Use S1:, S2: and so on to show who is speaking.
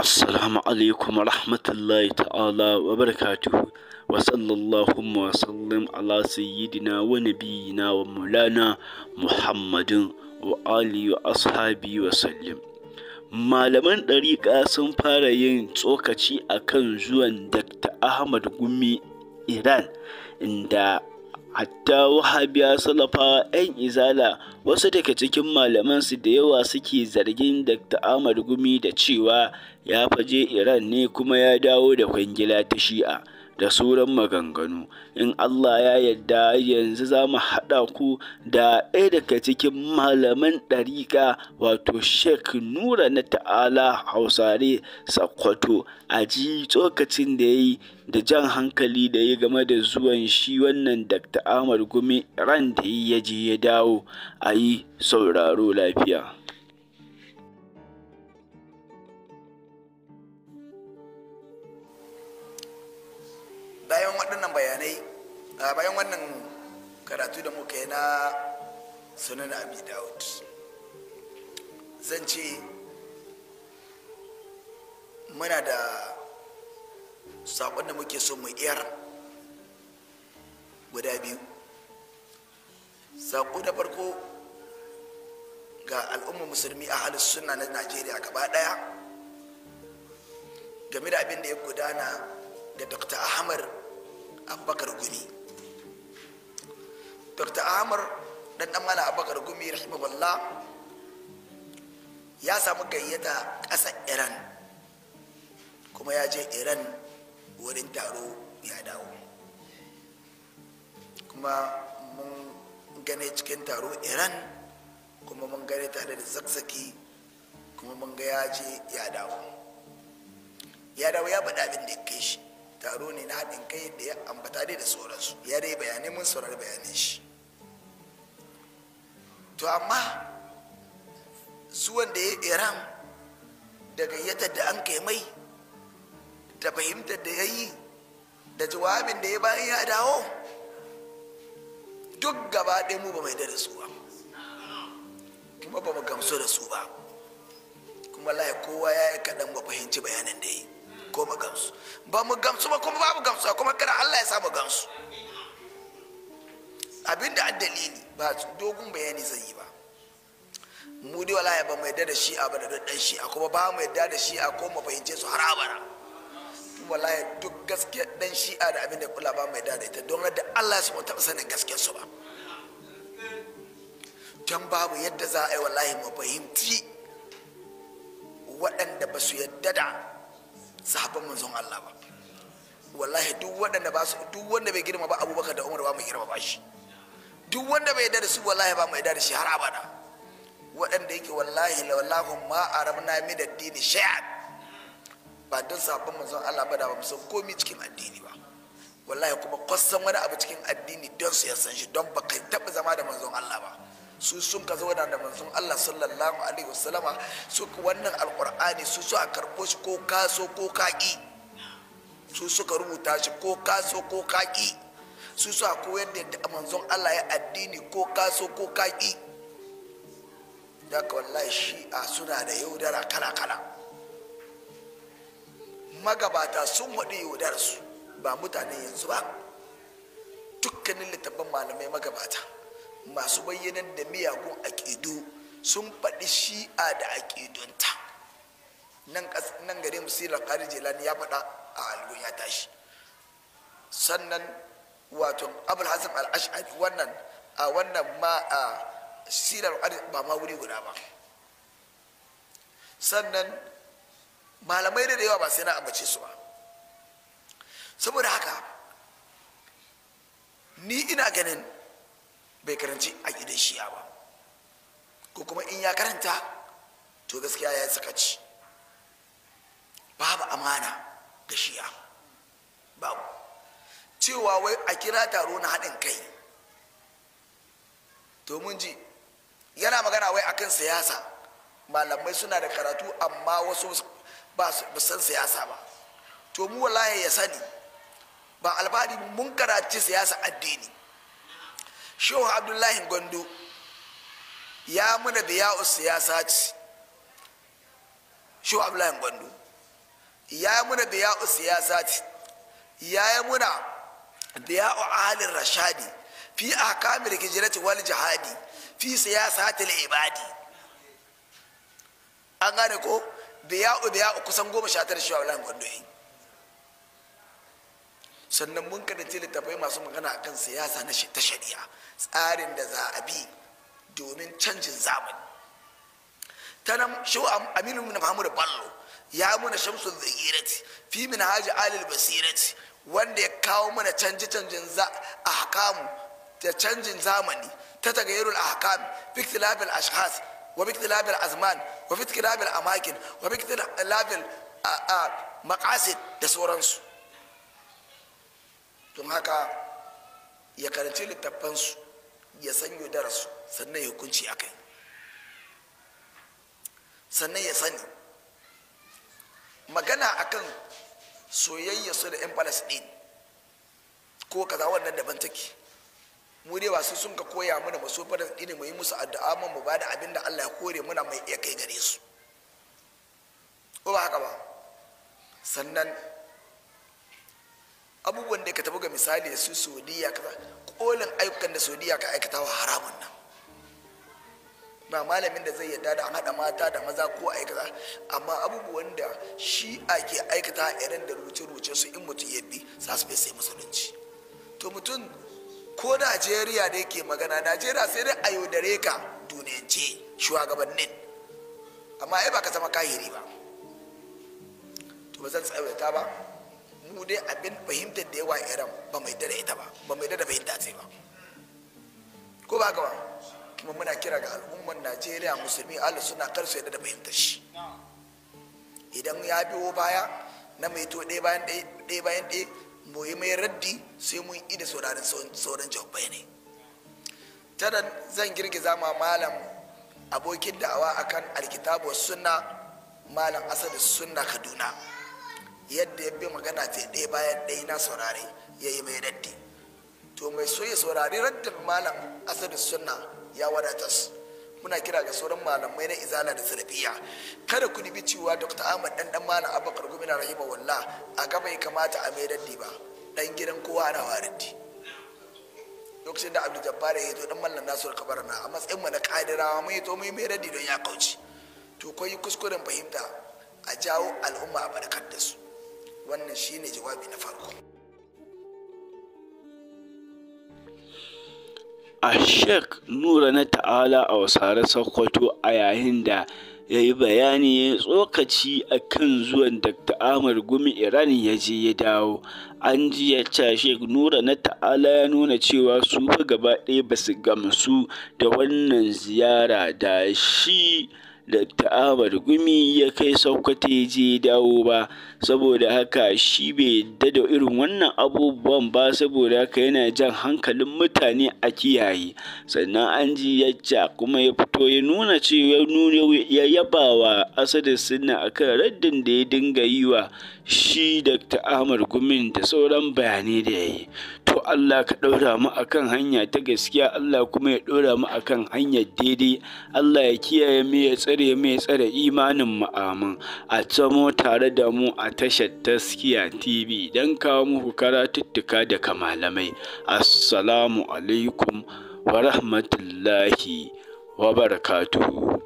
S1: Assalamu alaikum wa rahmatullahi ta'ala wa barakatuhu wa sallallahu wa sallim ala sayyidina wa nabiyina wa mulana Muhammadin wa ali wa ashabi wa sallim. Malaman ɗariƙa sun fara yin tsokaci a kan zuwan Dr. Ahmad Gumi Iran inda hatta wahabiya salafawa 'yan izala wasu daga cikin malamansu da yawa suke zargin dr ahmad gumi da cewa ya faje iran ne kuma ya dawo da kwangila ta shi'a da sauran maganganu in Allah ya yarda yanzu za mu haɗa ku da ɗaya daga cikin malaman ɗariƙa wato Sheikh Nura na ta'ala Hausare Sakkwato a ji tsokacin da ya yi da jan hankali da ya game da zuwan shi wannan Dr. Ahmad Gumi ran da ya je ya dawo a yi sauraro lafiya.
S2: A bayan wannan karatu da muka yi na sunan abi daud zan ce muna da saƙon da muke so mu iyar guda biyu saƙo da farko ga al'ummar musulmi a halin suna na najeriya gaba ɗaya game da abin da ya gudana da dr ahmad abubakar guni dr ahmar dan dan mala abakar gumi rahimahullah ya samu gayyata ƙasar iran kuma ya je iran wurin taro ya dawo kuma mun gane cikin taro iran kuma mun gane tare da zaksaki kuma mun ga ya je ya dawo ya dawo ya faɗa abin da ya kai shi taro ne na haɗin kai da ya ambata dai da sauransu ya dai bayanai mun saurari bayanin shi to amma zuwan da ya iran daga gayyatar da an kai mai da fahimtar da ya yi da jawabin da ya bayan ya dawo duk gaba ɗaya mu ba mai da su ba kuma ba mu gamsu da su ba kuma laye kowa ya yi kaɗan ba fahimci bayanan da ya yi ko mu gamsu ba mu gamsu ba kuma babu gamsu kuma kada allah ya samu gamsu abinda an dalili ba dogon bayani zai yi ba mu dai wallahi ba mu yadda da shi abada da dan shi kuma ba mu yadda da shi a ko mu fahimce su har abada wallahi duk gaskiya dan shi'a da abinda kula ba mu yadda da ita don da Allah ya mu taɓa sanin gaskiyar su ba dan babu yadda za a yi wallahi mu fahimci waɗanda ba su yadda da sahabban manzon Allah ba wallahi duk waɗanda ba su duk wanda bai girma ba abubakar da umar ba mu girma ba shi duk wanda bai yarda da su wallahi ba mai yarda da shi har abada waɗanda yake wallahi la wallahu ma arabna min dini shay'an ba don sabon manzon Allah ba da ba san komai cikin addini ba wallahi kuma kwassan wani abu cikin addini don su ya san shi don ba kai taɓa zama da manzon Allah ba su sun ka zauna da manzon Allah sallallahu alaihi wasallama su wannan alqur'ani su su a karɓo shi ko kaso ko kaki su suka rubuta shi ko kaso ko kaki su su a koyar da yadda manzon Allah ya addini ko kaso ko kaki da ka shi shi'a suna da yaudara kala-kala magabata sun waɗi su, ba mutane yanzu ba dukkanin littattafan malamai magabata masu bayyanar da miyagun aƙidu sun faɗi shi'a da aƙidunta nan gare musirar kari jelani ya faɗa a algun ya tashi sannan wato abul hasan al-ash'ari wannan a wannan ma a sirar ba ma wuri guda ba sannan malamai da yawa ba sai na ambace su ba saboda haka ni ina ganin bai karanci a gidan shiya ba ko kuma in ya karanta to gaskiya ya sakaci babu amana ga shiya babu cewa wai a kira taro na haɗin kai to mun ji yana magana wai akan siyasa malamai suna da karatu amma wasu ba su san siyasa ba to mu wallahi ya sani ba alfahari mun karatu siyasa addini shehu abdullahi gondo ya muna da yawo siyasa ce shehu abdullahi gondo ya muna da yawo siyasa ce ya yi muna diya'u alin rashadi fi ahkamil hijrati wal jihadi fi siyasatil ibadi an gane ko diya'u diya'u kusan goma sha tara shi wa gwandoyi sannan mun karanci littafai masu magana akan siyasa na ta shari'a tsarin da za a bi domin canjin zamani ta nan shi aminu na mahmud ballo ya muna shamsu zagirati fi min haji alil basirati wanda ya kawo mana canji canjin ahkamu da canjin zamani ta tagayyarul ahkam fi ikhtilafil ashkhas wa fi ikhtilafil azman wa fi ikhtilafil amakin wa fi ikhtilafil maqasid da sauransu don haka ya karanci littafansu ya sanyo darasu sannan ya hukunci a kai sannan ya sani magana akan soyayya su da 'yan palestine ko kaza wannan daban take mu dai wasu sun ka koya mana maso palestine mai musu addu'a man mu bada abin da allah ya kore muna mai iya kai gare su ko ba haka ba sannan abubuwan da ka tafi ga misali su saudiya kaza kolin ayyukan da saudiya ka aikata wa haramun nan ba malamin da zai yarda da haɗa mata da maza ko aikata amma abubuwan da shi ake aikata a irin da rubuce-rubuce su in mutum yadda za su sai musulunci to mutum ko najeriya da yake magana najeriya sai dai ayo yaudare ka duniyance shugabannin amma ai baka zama kahiri ba to ba zan tsawaita ba mu dai abin fahimtar da yawa iran ba mai dare ita ba ba mai da fahimta ce ba ko ba ka ba kuma muna kira ga al'ummar najeriya musulmi allah suna kar da fahimtar shi idan ya biyo baya na mai to ɗaya bayan ɗaya yi mai raddi sai mun ida sauraron sauran jawabai ne tada zan girgiza ma malam abokin da'awa akan alkitabu sunna malam asali sunna kaduna yadda ya bi magana ta ɗaya bayan ɗaya na saurare ya yi mai raddi to mai so ya saurari raddin malam asali sunna ya wadata su muna kira ga sauran malamai na Izana da salafiya kada ku nibi cewa dr ahmad dan dan malam abubakar gumina rahima walla a gaba ya kamata a mai daddi ba dan gidan kowa na wariddi lokacin da abdul jabbar ya zo dan mallan nasu kabar na a matsayin mu na kadirawa mun yi to mun mai daddi don ya kauce to kai kuskuren fahimta a jawo al'umma a barkar da su wannan shine jawabi na farko
S1: a Sheikh Nura na Ta'ala a Wasarar Sokoto a yayin da ya yi bayani ya tsokaci a kan zuwan Dr. Ahmad Gumi Iran ya je ya dawo. An ji ya ce Sheikh Nura na Ta'ala ya nuna cewa su fa gaba ɗaya ba su gamsu da wannan ziyara da shi. Dakta Ahmad Gumi ya kai Sokoto je dawo ba saboda haka shi bai yadda da irin wannan abubuwan ba saboda haka yana jan hankalin mutane a kiyaye sannan an ji yacca kuma ya fito ya nuna ce ya nuna yaba wa Asadu Sunna akan raddin da ya dinga yi wa shi dakta Ahmad Gumi da sauran bayanai da ya yi to Allah ka ɗora mu akan hanya ta gaskiya Allah kuma ya ɗora mu akan hanyar daidai Allah ya kiyaye mu ya tsare tsare mai tsare imanin mu a tsamo tare da mu a tashar taskiya tv don kawo muku karatuttuka daga malamai assalamu alaikum wa rahmatullahi wa barakatuhu